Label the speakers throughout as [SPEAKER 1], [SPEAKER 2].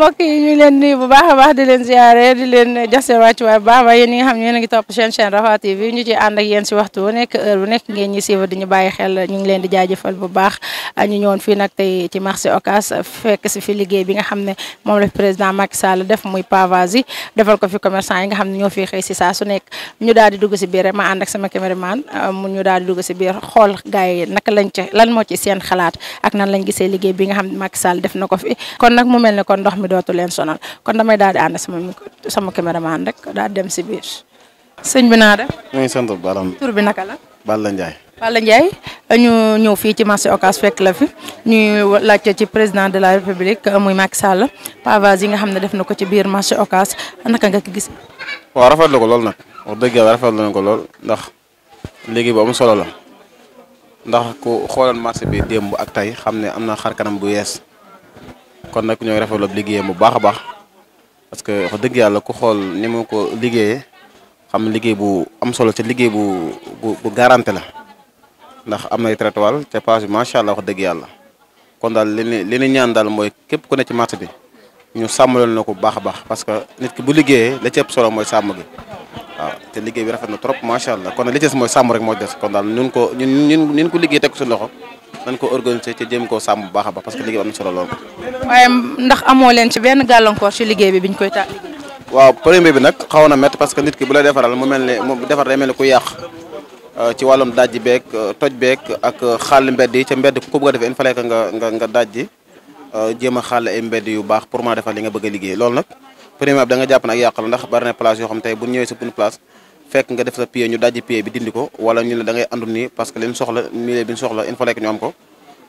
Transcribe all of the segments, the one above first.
[SPEAKER 1] mbokk yi ñu leen nuyu bu baax a baax di leen ziare di leen jox seen wàccuwaay baax yéen a ngi topp chaîne chaîne Rafah TV ñu nekk ngeen ñi siiwa di ñu bàyyi xel ñu ngi leen di jaajëfal bu baax ñu ñëwoon fii nag tey ci marché Ocass fekk si fi liggéey bi nga xam ne moom la président Macky Sall def muy pavage yi defal ko fi commerçant yi nga xam ne ñoo fi xëy si saa su nekk ñu daal di dugg si biir rek ma ànd ak sama caméraman ñu daal di dugg si biir xool gars yi naka lañ ci lan moo ci seen xalaat ak nan lañ gisee liggéey bi nga xam ne Macky Sall def na ko fi dootu leen sonal kon damay daal di ànd sama sama caméraman rek daal dem si biir. sëñ bi naa def. ñu ngi sant bi naka la. Balla Ndiaye. Balla Ndiaye ñu ñëw fii ci marché Ocass fekk la fi ñu laajte ci président de la république muy Macky Sall pavage yi nga xam ne def na ko ci biir marché Ocass naka nga ko gis.
[SPEAKER 2] waaw rafetlu ko lool nag wax dëgg yàlla rafetlu na ko lool ndax léegi bu solo la ndax ko xooloon marché bi démb ak tey xam ne am na xar kanam bu yees. kon nag ñoo ngi rafetlu liggéeyam bu baax a baax parce que dëgg yàlla ku xool ni mu ko liggéeyee xam liggéey bu am solo ci liggéey bu bu bu garanti la ndax am na traité wàll te page bi macha allah wax dëgg yàlla kon daal li li ñaan daal mooy képp ku ne ci marché bi ñu sàmmaloon na ko bu baax a baax parce que nit ki bu liggéeyee la ci ëpp solo mooy sàmm gi waaw te liggéey bi rafet na trop macha allah kon li ci mooy sàmm rek moo des kon daal ñun ko ñun ñun ko liggéey teg ko nan ko organiser te jéem koo sàmm bu baax a baax parce que liggéey am na solo lool.
[SPEAKER 1] waaye ndax amoo leen ci benn gàllankoor ci liggéey bi biñ koy ta
[SPEAKER 2] waaw premier bi nag xaw na métti parce que nit ki bu la defaral mu mel ne mu defar day ne ku yàq euh, ci wàllum daj beeg euh, toj beeg ak euh, xàll mbedd yi ca mbedd ku ko bëgg a defee il fallait que nga nga nga daj jéem a xàll ay mbedd yu baax pour ma defar li nga bëgg a liggéey loolu nag premier bi da nga jàpp ne ak yàq la ndax bari na place yoo xam tey bu ñëwee si buñ fekk nga def sa pied ñu dajji pied bi dindi ko wala ñu la da ngay andu nii parce que leen soxla milieu bi soxla il faut que ñu ko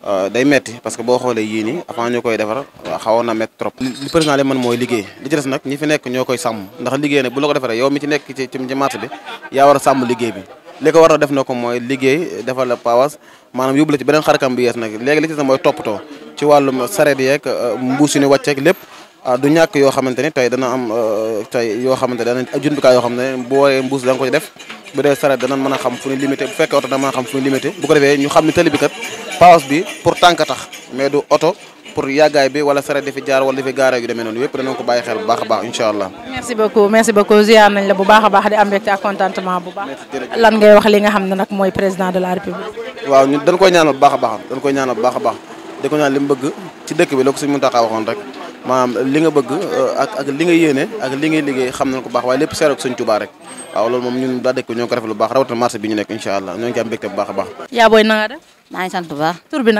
[SPEAKER 2] euh, day metti parce que boo xoolee yii nii avant ñu koy defar xawoon na métti trop li président liggéey li ci des nag ñi fi nekk ñoo koy sàmm ndax liggéey nag bu la ko defaree yow mi ci nekk ci ci marché bi yaa war a sàmm liggéey bi li ko war mooy liggéey defal la pawas maanaam yóbbu la ci beneen xarkam bi yees nag léegi li ci des nag mooy toppatoo ci wàllum sareet yeeg euh, mbuus yu ni lépp Ah, du ñàkk yoo xamante ne tey dana am euh, tey yoo xamante dana jumtukaay yoo xam ne bu waree mbuus da nga koy def bu dee saret dana mën a xam fu ñu limité bu fekkee oto dana mën a xam fu ñu limité bu ko defee ñu xam ne tali bi kat paas bi pour tànk tax mais du oto pour yàggaay bi wala saret di fi jaar wala di fi gaaree yu demee noonu yëpp danañ ko bàyyi xel bu baax a baax incha allah.
[SPEAKER 1] merci beaucoup merci beaucoup ziar nañ la bu baax a baax di am mbégte ak contentement bu baax. lan ngay wax li nga xam ne nag mooy président de la république.
[SPEAKER 2] waaw ñun dañ koy ñaanal bu baax a baax dañ koy ñaanal bu baax a baax di ko ñaan li mu bëgg ci dëkk bi la ko suñu Muntaxa waxoon rek maanaam li nga bëgg euh, ak ak li nga yéene ak li ngay liggéey xam nañ ko baax waaye lépp seeroo ko Sëñ Tuubaa rek waaw loolu moom ñun daa dëkk ñoo ko rafetlu bu baax rawatina marché bi ñu nekk incha na nga def.
[SPEAKER 1] maa la. tur bi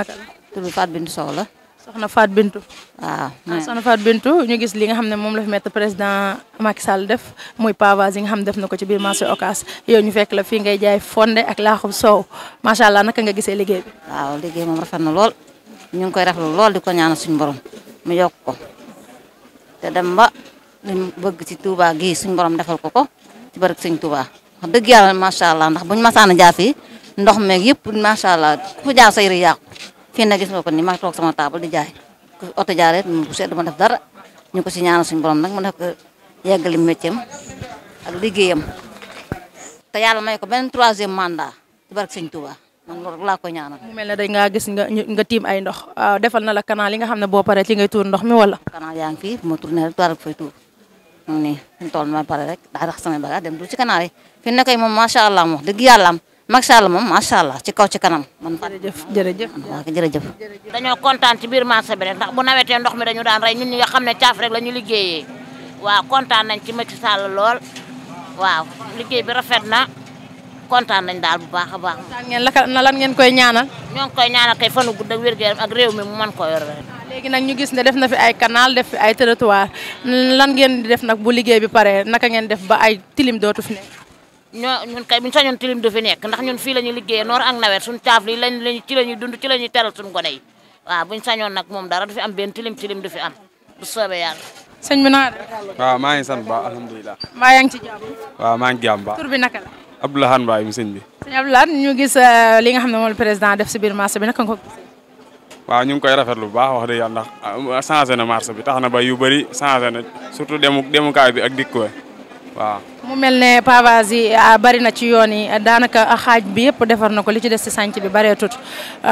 [SPEAKER 1] Fat Bintu Sow la. soxna Fat Bintu. waaw ah, gis li nga xam ne moom la fi mettre président Macky Sall def muy pavage yi nga xam ne def na ko ci biir marché Ocass yow ñu fekk la fii ngay jaay fonde ak laaxum soow macha allah naka nga gisee liggéey bi.
[SPEAKER 3] waaw liggéey moom rafet na lool ñu ngi koy rafetlu lool di ko ñaanal suñu borom mu yokk ko te dem ba li mu bëgg ci Touba gii suñ borom defal ko ko ci barke sëñ Touba dëgg yàlla macha allah ndax buñu masaana jaar ndox meeg yëpp macha allah ku fa jaar say ri yàqu gis nga ko ni ma toog sama table di jaay ku oto jaaree bu sedd ma def dara ñu ko si ñaanal suñu borom nag mu def ko yeggali métier ak liggéeyam
[SPEAKER 1] te yàlla may ko benn troisième mandat ci
[SPEAKER 3] barke sëñ Touba man loolu laa koy ñaanal. mu
[SPEAKER 1] mel ne dañ ngaa gis nga tiim ay ndox ah, defal na la canal nga xam ne boo paree ci ngay tuur ndox mi wala.
[SPEAKER 3] canal yaa ngi fi bu ma tourné rek dara fay
[SPEAKER 1] tuur mu ngi nii
[SPEAKER 3] tool ma pare rek daa rax samay bagage dem du ci moom macha allah moom dëgg yàlla am macha allah moom macha allah ci kaw ci kanam. man jërëjëf jërëjëf waaw jërëjëf. dañoo kontaan ci biir marché bi rek ndax bu nawetee ndox mi dañu daan rey ñun ñi nga xam ne caaf rek la ñu liggéeyee waaw kontaan nañ ci Macky saala lool waaw liggéey bi rafet na kontaan nañ daal bu baax a baax.
[SPEAKER 1] kontaan ngeen laka na lan ngeen koy ñaanal.
[SPEAKER 3] ñoo ngi koy ñaanal kay fanu gudd ak wér gu ak réew mi mu mën ko yor rek. Ah,
[SPEAKER 1] léegi nag ñu gis ne def na fi ay canal def fi ay territoire lan ngeen def nag bu liggéey bi pare naka ngeen def ba ay tilim dootu fi nekk.
[SPEAKER 3] ñoo ñun kay buñ sañoon tilim du fi nekk ndax ñun fii la ñuy liggéeyee noor ak nawet suñu caaf lii lañ lañ ci la ñuy dund ci la ñuy teral suñu gone yi waaw buñ sañoon nag moom
[SPEAKER 1] dara du fi am ben tilim tilim du fi am bu soobee yàlla. sëñ bi
[SPEAKER 4] maa ngi sant ba alhamdulilah.
[SPEAKER 1] yaa ngi ci jàmm.
[SPEAKER 4] waaw maa bi naka Abdoulahan Mbaye mi sëñ bi.
[SPEAKER 1] sëñ Abdoulahan ñu gis euh, li nga xam ne moom la président def si biir marché bi naka nga ko
[SPEAKER 4] waaw ñu ngi koy rafetlu bu baax wax dëgg yàlla ndax euh, changé na marché bi tax na ba yu bëri changé na surtout demu demukaay bi ak dikkuwaay waaw.
[SPEAKER 1] mu mel ne pavage yi euh, bari na ci yoon yi daanaka xaaj bi yëpp defar na ko li ci des si sànc bi baree tut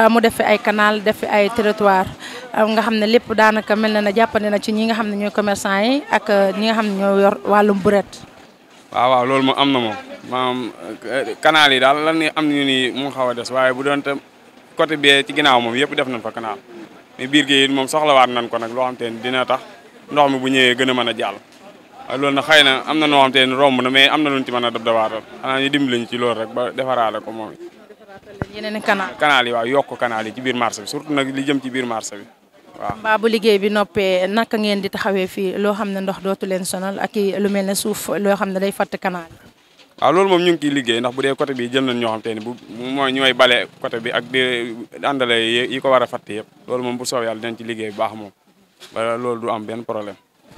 [SPEAKER 1] mu def fi ay canal def fi ay territoire nga xam ne lépp daanaka mel na ne jàppandi na ci ñi nga xam ne ñooy commerçant yi ak ñi nga xam ne ñoo yor wàllum buret.
[SPEAKER 4] waaw loolu moom am na moom. maanaam eh, canal yi daal lan am nañu ni mu xaw a des waaye bu doon te côté bee ci ginnaaw moom yëpp def nañ fa canal mais biir gi moom soxlawaat nañ ko nag loo xam te dina tax ndox mi bu ñëwee gën a mën a jàll loolu na xëy na am na noo xam te romb na mais am na luñ ci man a dab dabaatal xanaa ñu dimbali ñu ci loolu rek ba defaraale ko moom yeneen canal canal yi waaw yokk canal ci biir marché bi surtout nag li jëm ci biir marché bi waaw
[SPEAKER 1] mbaa bu liggéey bi noppee naka ngeen di taxawee fii loo xam ne ndox dootu leen sonal ak i lu mel ne suuf loo xam
[SPEAKER 4] waaw loolu moom ñu ngi ciy liggéey ndax bu dee côté bi jël nañ ñoo xam te ni bu mooy ñooy bale côté bi ak di àndale yi ko war a fàtte yëpp loolu moom bu soobee yàlla dinañ ci baax moom loolu du am benn problème.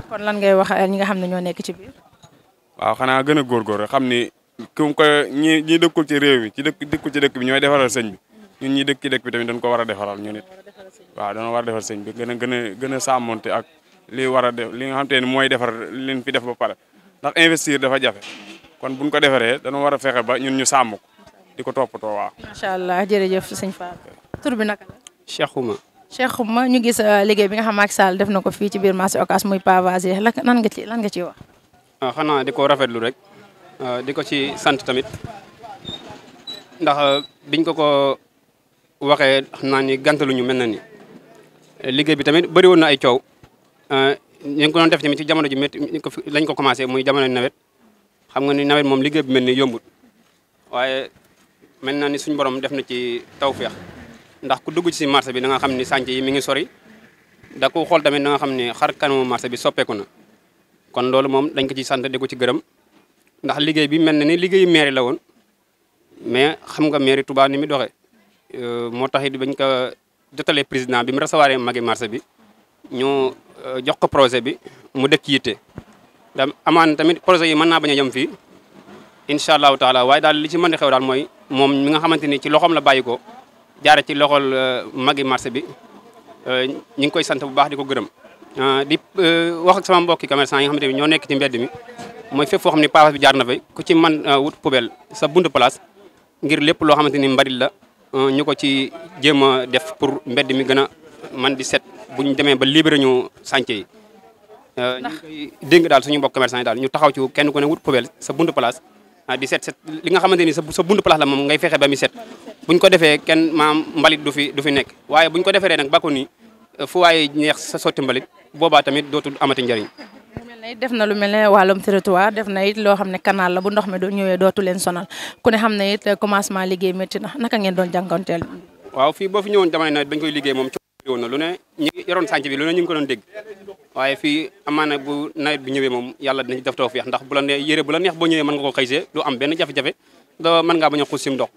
[SPEAKER 1] kon ngay wax ñi nga xam ne ñoo nekk ci biir.
[SPEAKER 4] waaw xanaa gën a góorgóorlu xam ni ku ko ñi ñi dëkkul ci réew mi ci dëkk dëkkul ci dëkk bi ñooy defaral sëñ bi ñun ñi dëkk ci dëkk bi tamit dañ ko war a defaral ñu nit waaw dañoo war a defar sëñ bi gën a gën a gën a sàmmonte ak li war a def li nga xam te mooy defar liñ fi def ba pare ndax investir dafa jafe kon buñ ko defaree dañoo war a fexe ba ñun ñu sàmm ko di ko toppatoo waaw.
[SPEAKER 1] macha allah jërëjëf sëñ Fall tur bi naka la. Cheikhouma. Cheikhouma ñu gis euh, liggéey bi nga xam Macky Sall def na ko fii ci biir marché Ocass muy pavage la lan nga ci lan ciy wax.
[SPEAKER 5] Ah, xanaa di ko rafetlu rek euh, di ko ci sant tamit ndax euh, biñ ko ko waxee xam naa ni gàntaluñu mel na ni liggéey bi tamit bari woon na ay coow ñu ngi ko doon def tamit ci jamono ji métti lañ ko commencé muy jamono nawet. xam nga ni nawet moom liggéey bi mel ni yombut waaye mel na ni suñu borom def na ci tawféex ndax ku dugg ci marché bi da nga xam ni sànc yi mi ngi sori da ko xool tamit da nga xam ni xar kanamu marché bi soppeeku na kon loolu moom dañ ko ci sant di ko ci gërëm ndax liggéey bi mel na ni liggéeyu mairie la woon mais xam nga mairie Touba ni mi doxee euh, moo tax it bañ ko jotalee président bi mu recevoir magi marché bi ñu euh, jox ko projet bi mu dëkk yitte da amaan tamit projet yi mën naa bañ a yem fii incha allahu taala waaye daal li ci mën di xew daal mooy moom mi nga xamante ni ci loxoom la bàyyi ko jaare ci loxool euh, magi marché bi euh, ñu ngi koy sant bu baax di ko gërëm euh, di wax ak sama mbokki commerçant yi nga xamante ni ñoo nekk ci mbedd mi mooy fépp xam ne paafas bi jaar na fay ku ci man wut poubelle sa buntu place ngir lépp loo xamante ni mbalit la ñu ko ci jéem a def pour mbedd mi gën a man di set bu ñu demee ba libre ñu chantier yi Euh, ñu koy dénk daal suñu mbokk commerçant yi daal ñu taxaw ci kenn ku ne wut poubelle sa buntu place ah, di set set li nga sa buntu place la moom ngay fexe ba mi set buñ ko defee kenn maam mbalit du fi nekk waaye buñ ko deferee nag bakku ni euh, fu waaye neex sa sotti mbalit boobaa tamit dootul amati njëriñ
[SPEAKER 1] def na lu mel ne wàllum territoire def na loo xam ne canal la bu ndox mi do ñëwee dootu leen sonal ku ne xam ne it commencement liggéey métti na naka ngeen doon jànkonteel
[SPEAKER 5] woon na lu ne ñi yoroon sànc bi lu ne ñu ngi ko doon dégg waaye fii amaana bu ñëwee moom yàlla dinañ def tawfeex ndax bu la nee yére bu la neex boo ñëwee mën nga ko xëysee du am benn jafe-jafe da mën ngaa bañ a xuus sim ndox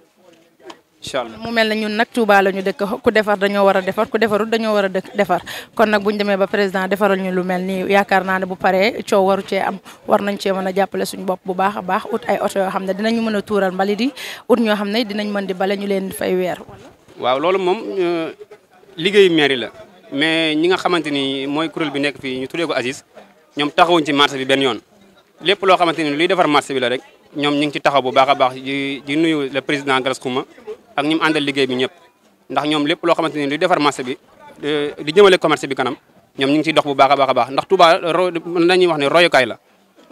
[SPEAKER 1] mu mel na ñun nag Touba la ñu dëkk ku defar dañoo war a defar ku defarul dañoo war a defar kon nag bu ñu demee ba président defaral ñu lu mel ni yaakaar naa ne bu paree coow waru cee am war nañ cee mën a jàppale suñu bopp bu baax a baax ut ay oto yoo xam ne dinañu mën a tuural mbalit yi ut ñoo xam ne dinañ mën di bale ñu leen fay weer
[SPEAKER 5] liggéeyu mairie la mais ñi nga xamante ni mooy kuréel bi nekk fii ñu tuddee ko Aziz ñoom taxawuñ ci marché bi benn yoon lépp loo xamante ni luy defar marché bi la rek ñoom ñu ngi ci taxaw bu baax a baax di di nuyu le président Gallas Kouma ak ñi mu àndal liggéey bi ñëpp ndax ñoom lépp loo xamante ni luy defar marché bi di jëmale commerce bi kanam ñoom ñu ngi ciy dox bu baax a baax a baax ndax Touba dañuy wax ne royukaay la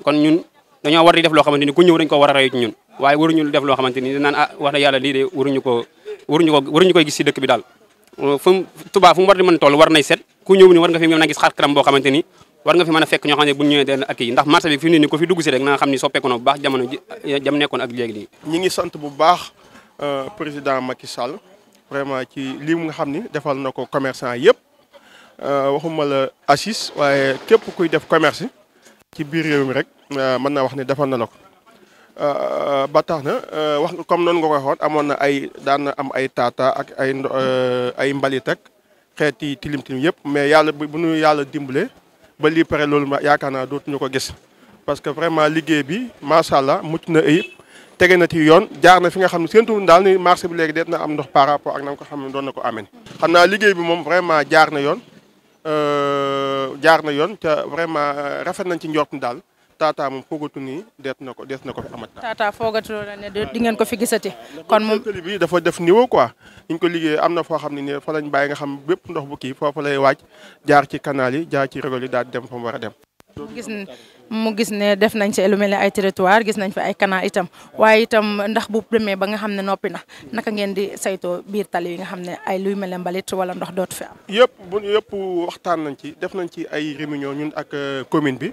[SPEAKER 5] kon ñun dañoo war di def loo xamante ni ku ñëw dañu ko war a royu ci ñun waaye waruñu def loo xamante ni danaan war ah, wax na yàlla lii de waruñu ko waruñu ko waruñu koy gis si dëkk bi daal fu mu Touba fu war di mën toll war nay set ku ñëw ni war nga fi mën a gis xar kanam boo xamante ni war nga fi mën a fekk ñoo xam ne bu ñu ñëwee deen ak yi ndax marché bi fi mu ne ni ko fi dugg si rek na eh, ak léegi nii
[SPEAKER 6] ñi ngi sant bu baax euh, président Macky Sall vraiment ci lii mu nga xam ni defal na ko commerçant yëpp euh, waxuma la assis waaye képp kuy def commerce ci biir réew mi rek euh, mën na wax ne defal na la ko Euh, ba tax na euh, wax comme noonu nga ko waxoon amoon na ay daan na am ay taata ak ay euh, ay mbalit ak xeeti tilim tilim yëpp mais yàlla bu ñu yàlla dimbale ba lii pare loolu ma yaakaar naa dootuñu ko gis. parce que vraiment liggéey bi macha allah mucc na ayib tege na ci yoon jaar na fi nga xam ne seen tur daal ni marché bi léegi deet na am ndox par rapport ak na ko xam ne doon na ko amee. xam na liggéey bi moom vraiment jaar na yoon jaar na yoon te vraiment rafet nañ ci njort daal. taataa moom foogatu ni deet na ko dees na ko fi amat.
[SPEAKER 1] taataa foogatu ne di ngeen ko fi gisati. kon moom tali bi
[SPEAKER 6] dafa def niveau quoi. ñu ko liggéey am na foo xam ne ni fa lañ bàyyi nga xam bépp ndox bu kii foofu lay waaj jaar ci canal
[SPEAKER 1] a ne noppi na naka ngeen di saytoo biir tali yi nga xam ne ay luy mel ne mbalit wala ndox dootu fi am. yëpp bu
[SPEAKER 6] yëpp waxtaan nañ ci def nañ ci ay réunion ñun ak euh, commune bi.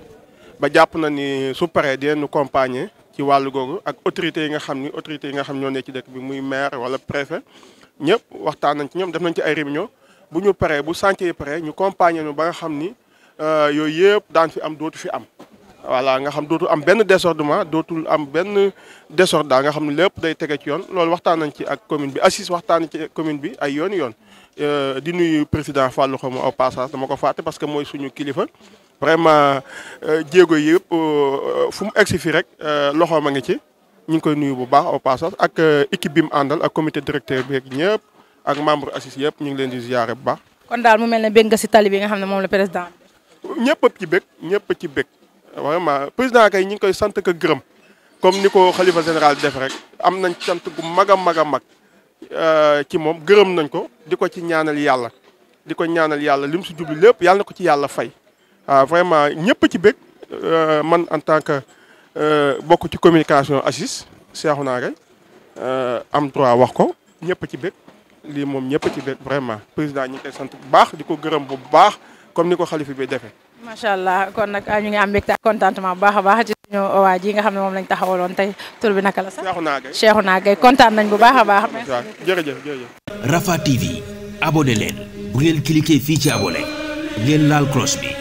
[SPEAKER 6] ba jàpp na ni su paree dinañu accompagner ci wàllu googu ak autorités yi nga xam ni autorités yi nga xam ñoo nekk ci dëkk bi muy maire wala préfet ñëpp waxtaan nañ ci ñoom def nañ ci ay réunion bu ñu paree bu chantier yi paree ñu accompagner ñu ba nga xam ni euh, yooyu yëpp daan fi am dootu fi am. voilà nga xam dootu am benn désordement dootul am benn désordre daal nga xam ne lépp day tege ci yoon loolu waxtaan nañ ci ak commune bi assise waxtaan ci commune bi ay yoon yoon. Euh, di nuyu président Fallou Khouma au passage dama ko fàtte parce que mooy suñu kilifa vraiment euh, jéego yëpp euh, euh, fu mu egsi fii rek loxoom a ngi ci ñu ngi koy nuyu bu baax au passage ak équipe bi mu àndal ak commité directeur bi ak ñëpp ak membre assis yëpp ñu ngi leen di ziare bu baax.
[SPEAKER 1] kon daal mu mel ne bëgg nga si tali bi nga xam ne moom la président
[SPEAKER 6] ñëpp ci bëgg ñëpp ci bëgg vraiment président kay ñu ngi koy sant ko gërëm comme ni ko xalifa général def rek am nañ sant gu mag a mag a mag ci moom gërëm nañ ko di ko ci ñaanal yàlla di ko ñaanal yàlla lim si jublu lépp yàlla ko ci yàlla fay. waaw ah, vraiment ñëpp ci bëgg euh, man en tant que euh, bokk ci communication ACIS seexu naa rek am droit wax ko ñëpp ci bëgg lii moom ñëpp ci bëgg vraiment président ñi sant bu baax di ko gërëm bu baax comme ni ko xalifa bi defee.
[SPEAKER 1] macha allah kon nag ah, ñu ngi am mbégte ak contentement bu baax a baax ci suñu waa ji nga xam ne moom lañ taxawaloon tey tur bi naka la sax. Cheikhouna kontaan nañ bu baax a baax.
[SPEAKER 6] jërëjëf jërëjëf.
[SPEAKER 2] Rafah TV abonné leen bu ngeen cliquer fii ci abonné ngeen laal cloche bi.